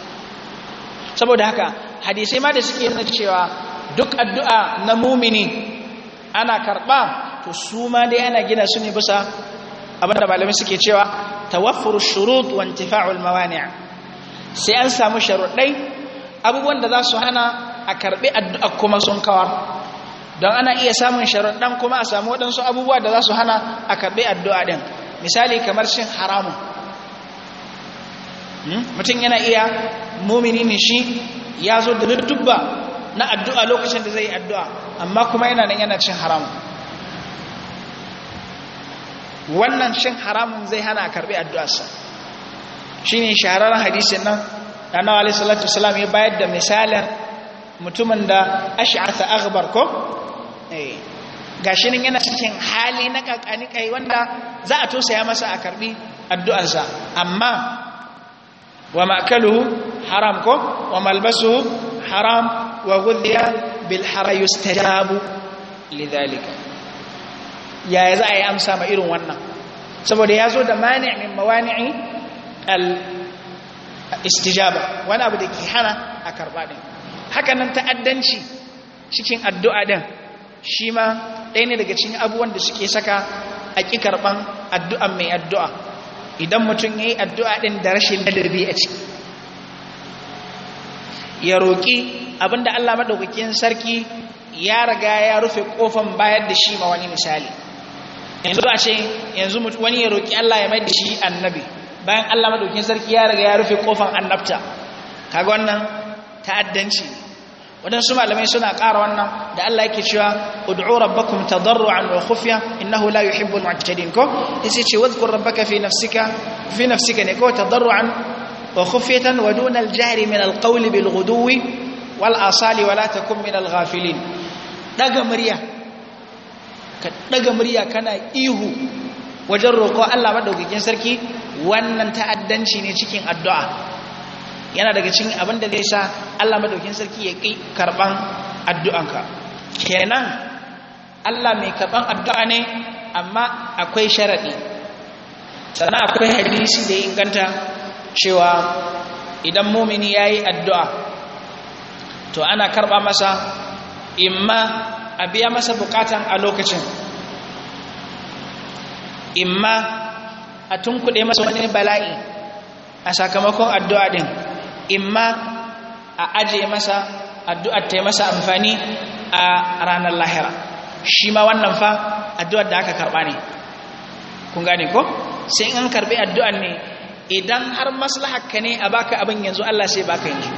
saboda haka hadisai ma da suke nuna cewa duk addu'a na mumini ana karɓa to su ma dai ana gina su ne bisa abinda malamai suke cewa tawaffur shurut wa intifa'ul mawani' sai an samu sharuɗai abubuwan da za su hana a karɓi addu'a kuma sun kawar don ana iya samun sharudan kuma a samu waɗansu abubuwa da za su hana a karɓi addu'a ɗin misali kamar cin haramun hmm? mutum yana iya mumini ne shi ya zo da dubba na addu'a lokacin da zai yi addu'a amma kuma yana nan yana cin haramun wannan shin haramun zai hana karbi addu'arsa shine shahararren hadisin nan annabi alaihi wasallam ya bayar da misalin mutumin da ash'atha aghbar ko eh gashi nan yana cikin hali na kakani kai wanda za a tosaya masa a karbi addu'arsa amma wa ma'kaluhu haram ko wa malbasuhu haram wa ghudhiya bil hara yustajabu lidhalika yaya za a yi amsa ma irin wannan saboda ya zo da mani' min mawani'i al-istijaba wani abu da ke hana a karba din haka nan ta'addanci cikin addu'a din shi ma ɗaya ne daga cikin abubuwan da suke saka a ƙi karɓan addu'an mai addu'a idan mutum ya yi addu'a ɗin da rashin ladabi a ciki ya roƙi abinda Allah maɗaukakin sarki ya riga ya rufe ƙofan bayar da shi ma wani misali yanzu a ce yanzu wani ya roƙi Allah ya mai da shi annabi bayan Allah madaukin sarki ya riga ya rufe kofan annabta kaga wannan ta'addanci wadansu malamai suna ƙara wannan da Allah yake cewa ud'u rabbakum tadarruan wa khufya innahu la yuhibbul mu'tadin ko yace ce wadhkur rabbaka fi nafsika fi nafsika ne ko tadarruan wa khufyatan wa dun al-jahri min al-qawli bil ghuduwi wal asali wa la takun min al-ghafilin daga murya ka daga murya kana ihu wajen roƙo Allah maɗaukakin sarki wannan ta'addanci ne cikin addu'a yana daga cikin abin da zai sa Allah madaukakin sarki ya kai karban addu'anka kenan Allah mai karban addu'a ne amma akwai sharadi sana akwai hadisi da inganta cewa idan mumini yi addu'a to ana karɓa masa imma a biya masa bukatan a lokacin imma a tunkuɗe masa wani bala'i a sakamakon addu'a ɗin imma a aje masa addu'ar ta yi masa amfani a ranar lahira shi ma wannan fa addu'ar da aka karɓa ne kun gane ko sai an karɓi addu'ar ne idan har maslahakka ne a baka abin yanzu Allah sai baka yanzu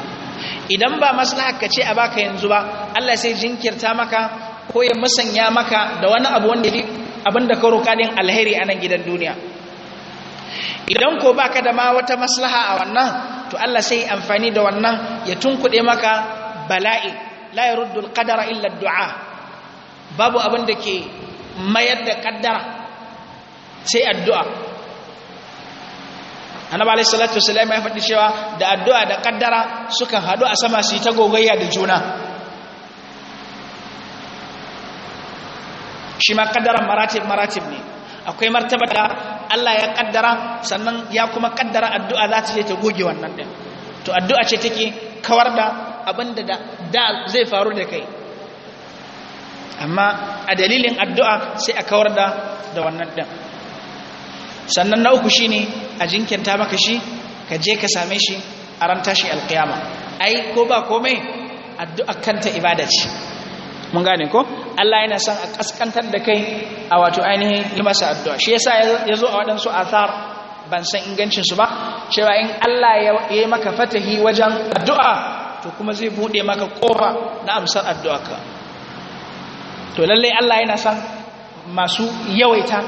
idan ba maslahakka ce a baka yanzu ba Allah sai jinkirta maka ko ya musanya maka da wani abu wanda ya abin ka roƙa din alheri a nan gidan duniya idan ko baka da ma wata maslaha a wannan to Allah sai amfani da wannan ya tunkuɗe maka bala'i la yaruddu alqadara illa du'a babu abin ke mayar da kaddara sai addu'a annabi alayhi salatu wasallam ya faɗi cewa da addu'a da kaddara sukan haɗu a sama su yi ta gogayya da juna shi ma kaddara maratib maratib ne akwai martaba da Allah ya kaddara sannan ya kuma kaddara addu'a za ta je ta goge wannan din to addu'a ce take kawar da abinda da da zai faru da kai amma a dalilin addu'a sai a kawar da da wannan din sannan na uku shine a jinkinta maka shi ka je ka same shi a ran tashi alkiyama ai ko ba komai addu'a kanta ibada ce mun gane ko Allah yana son a kaskantar da kai a wato ainihin yi masa addu'a shi yasa ya zo a waɗansu athar ban san ingancin su ba cewa in Allah ya yi maka fatahi wajen addu'a to kuma zai buɗe maka kofa na amsar addu'a ka to lallai Allah yana son masu yawaita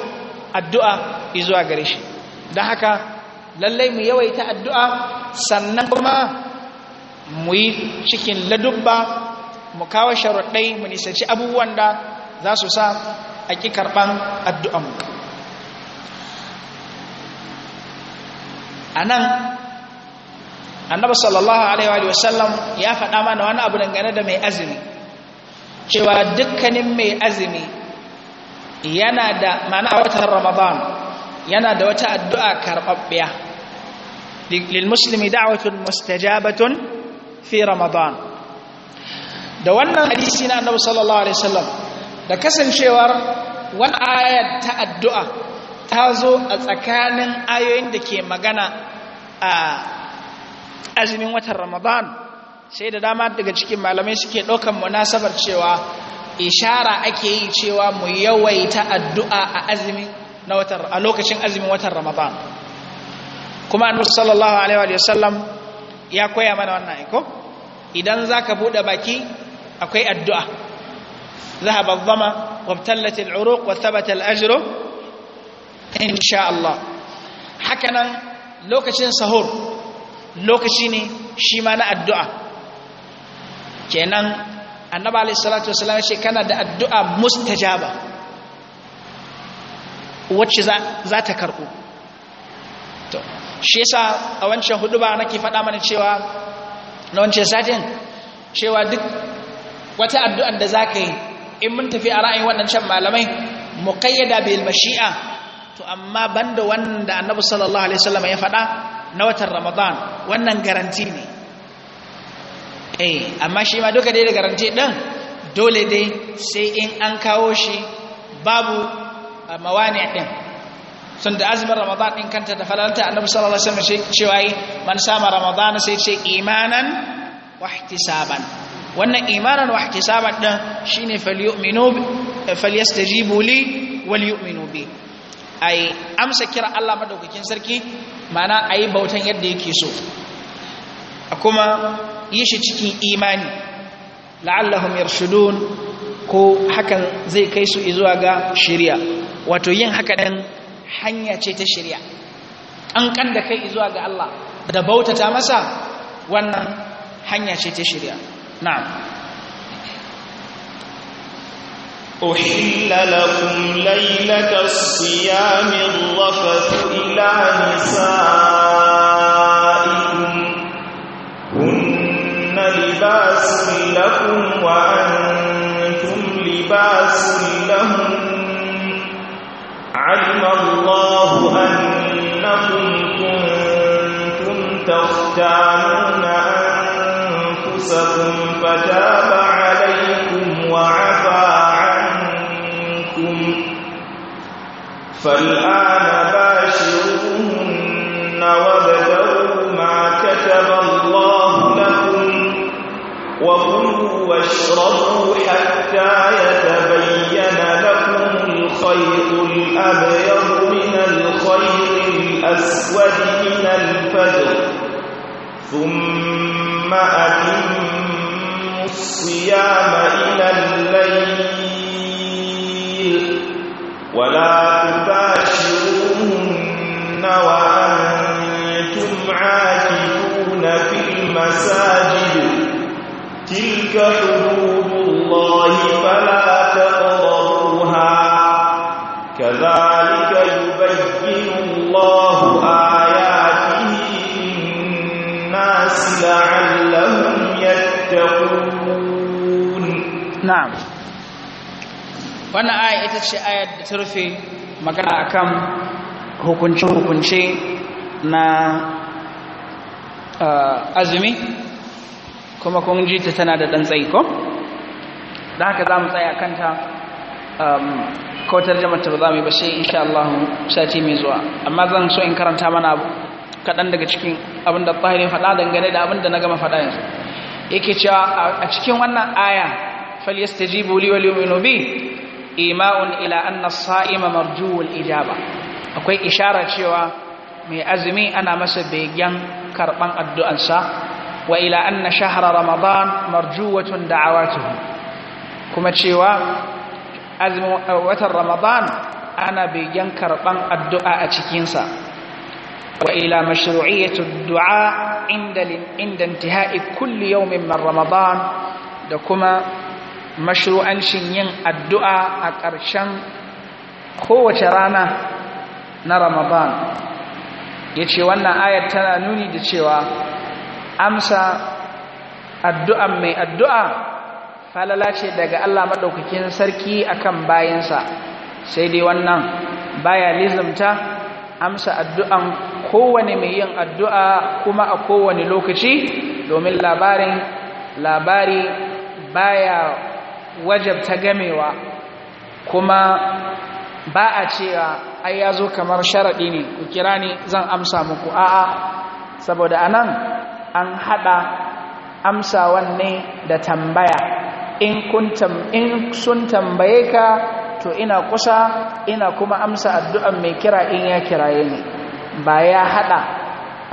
addu'a izuwa gare shi don haka lallai mu yawaita addu'a sannan kuma mu yi cikin ladubba mu kawo sharaɗai mu nisanci abubuwan da za su sa a ƙi karɓan addu'an a nan annabi sallallahu alaihi sallam ya faɗa mana wani abu dangane da mai azumi cewa dukkanin mai azumi yana da mana a watan ramadan yana da wata addu'a karɓaɓɓiya lil muslimi da'watun mustajabatun fi ramadan da wannan hadisi na annabi sallallahu alaihi wasallam da kasancewar wani ayat ta addu'a ta zo a tsakanin ayoyin da ke magana a azumin watan ramadan sai da dama daga cikin malamai suke ɗaukan munasabar cewa ishara ake yi cewa mu yawaita addu'a a azumin na watan a lokacin azumin watan ramadan kuma annabi sallallahu alaihi wasallam ya koya mana wannan aiko idan zaka bude baki akwai addu'a zahaba zama wabtallata al'uruq wa thabata al'ajru insha Allah hakanan lokacin sahur lokaci ne shi ma na addu'a kenan annaba alayhi salatu shi kana da addu'a mustajaba wacce za ta karɓu to shi yasa a wancan hudu ba nake faɗa mana cewa na wancan satin cewa duk wata addu'an da za ka yi in mun tafi a ra'ayin waɗancan malamai muƙayyada bil mashi'a to amma banda wannan da annabu sallallahu alaihi wasallam ya faɗa na watan ramadan wannan garanti ne eh, amma shi ma duka dai da garanti ɗin dole dai sai in an kawo shi babu mawani ɗin sun da azumin ramadan ɗin kanta da falalta annabu sallallahu alaihi wasallam cewa man sama ramadan sai ce imanan wa ihtisaban wannan imanan wa ihtisaban din shine falyu'minu falyastajibu li walyu'minu bi ai amsa kira Allah madaukakin sarki mana ayi bautan yadda yake so kuma yi shi cikin imani la'allahum yarshudun ko hakan zai kai su zuwa ga shari'a wato yin haka dan hanya ce ta shari'a an da kai zuwa ga Allah da bautata masa wannan hanya ce ta shari'a نعم أحل لكم ليلة الصيام الرفث إلى نسائكم هن لباس لكم وأنتم لباس لهم علم الله أنكم كنتم تختارون أنفسكم فتاب عليكم وعفى عنكم فالآن باشرون وابدروا ما كتب الله لكم وكلوا واشربوا حتى يتبين لكم الخيط الأبيض من الخيط الأسود من الفجر ثم ثم أتموا الصيام إلى الليل ولا تباشروهن وأنتم عاكفون في المساجد تلك حدود الله فلا تقربوها كذلك يبين الله آياته للناس لعلهم تتقون نعم wannan aya ita ce ayar da ta rufe magana akan hukuncin hukunce na azumi kuma kun ji ta tana da ɗan ko? da haka za mu tsaya kanta ko tarjamata ba za mu yi ba sai insha Allah sati mai zuwa amma zan so in karanta mana kaɗan daga cikin abin da tsahiri faɗa dangane da abin da na gama faɗa yanzu yake cewa a cikin wannan aya falyastajibu li wal yu'minu bi ima'un ila anna as-sa'ima marjuul ijaba akwai ishara cewa mai azumi ana masa begen karban addu'ansa wa ila anna shahra ramadan marjuwatun da'awatuhu kuma cewa azumin watan ramadan ana begen karban addu'a a cikinsa وإلى مشروعية الدعاء عند عند انتهاء كل يوم من رمضان دكما مشروعا شنين الدعاء أكرشن قوة رانا na Ramadan ya ce wannan ayar tana nuni da cewa amsa addu'an mai addu'a falala ce daga Allah maɗaukakin sarki akan bayansa sai dai wannan baya lizimta amsa addu'an kowane mai yin addu'a kuma a kowane lokaci domin labarin labari baya wajabta gamewa kuma ba a cewa ai ya zo kamar sharaɗi ne ku kira ni zan amsa muku a'a saboda anan an haɗa amsawan ne da tambaya in sun tambaye ka to ina kusa ina kuma amsa addu'an mai kira in ya kiraye ne ba ya haɗa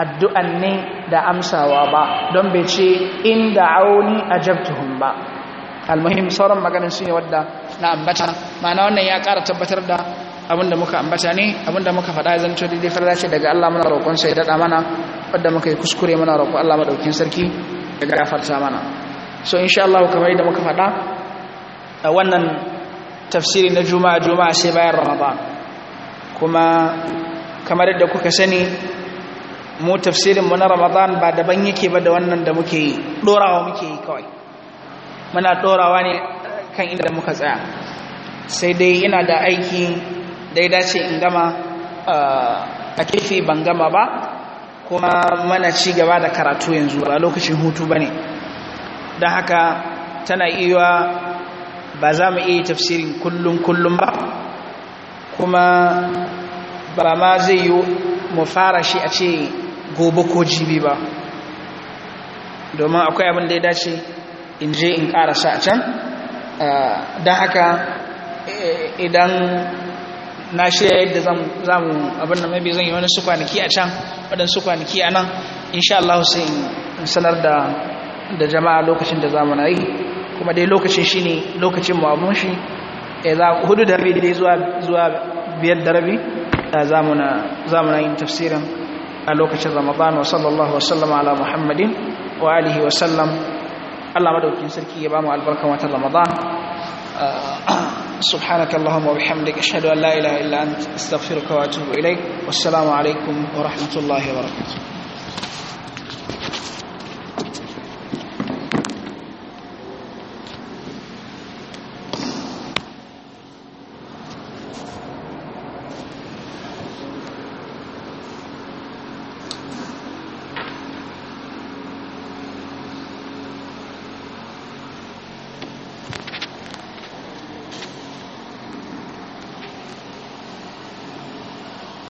addu'an ne da amsawa ba don bai ce inda auni a jabtuhun ba almuhim sauran maganin su ne wadda na ambata ma'ana wannan ya ƙara tabbatar da abinda muka ambata ne abinda muka faɗa zan zanto daidai farda ce daga Allah muna roƙon sai daɗa mana wadda muka yi kuskure muna roƙon Allah maɗaukin sarki daga gafarta mana so insha Allah kamar yadda muka faɗa a wannan tafsiri na juma'a juma'a sai bayan ramadan kuma kamar yadda kuka sani mu tafsirin mu na ramadan ba daban yake ba da wannan da muke yi dorawa muke yi kawai muna ɗorawa ne kan inda muka tsaya sai dai ina da aiki dai dace in gama eh, a kefe ban gama ba kuma mana ci gaba da karatu yanzu ba lokacin hutu ba ne don haka tana iya ba za mu iya tafsirin kullum kullum ba kuma ba ma zai yi mu fara shi a ce gobe ko jibi ba domin akwai abin da ya dace in je in karasa a can don haka eh, idan na shirya yadda za mu abin da mabi zan yi wani su kwanaki a can waɗansu kwanaki a nan insha Allah sai in sanar da jama'a lokacin da zamu na yi kuma dai lokacin shi ne lokacin mu abun shi eh, hudu da rabi dai zuwa biyar da rabi آه، زامنا زامنا تفسيرا لوكه رمضان وصلى الله وسلم على محمد واله وسلم الله مدوكين سركي يبامو البركه وات رمضان آه، سبحانك اللهم وبحمدك اشهد ان لا اله الا انت استغفرك واتوب اليك والسلام عليكم ورحمه الله وبركاته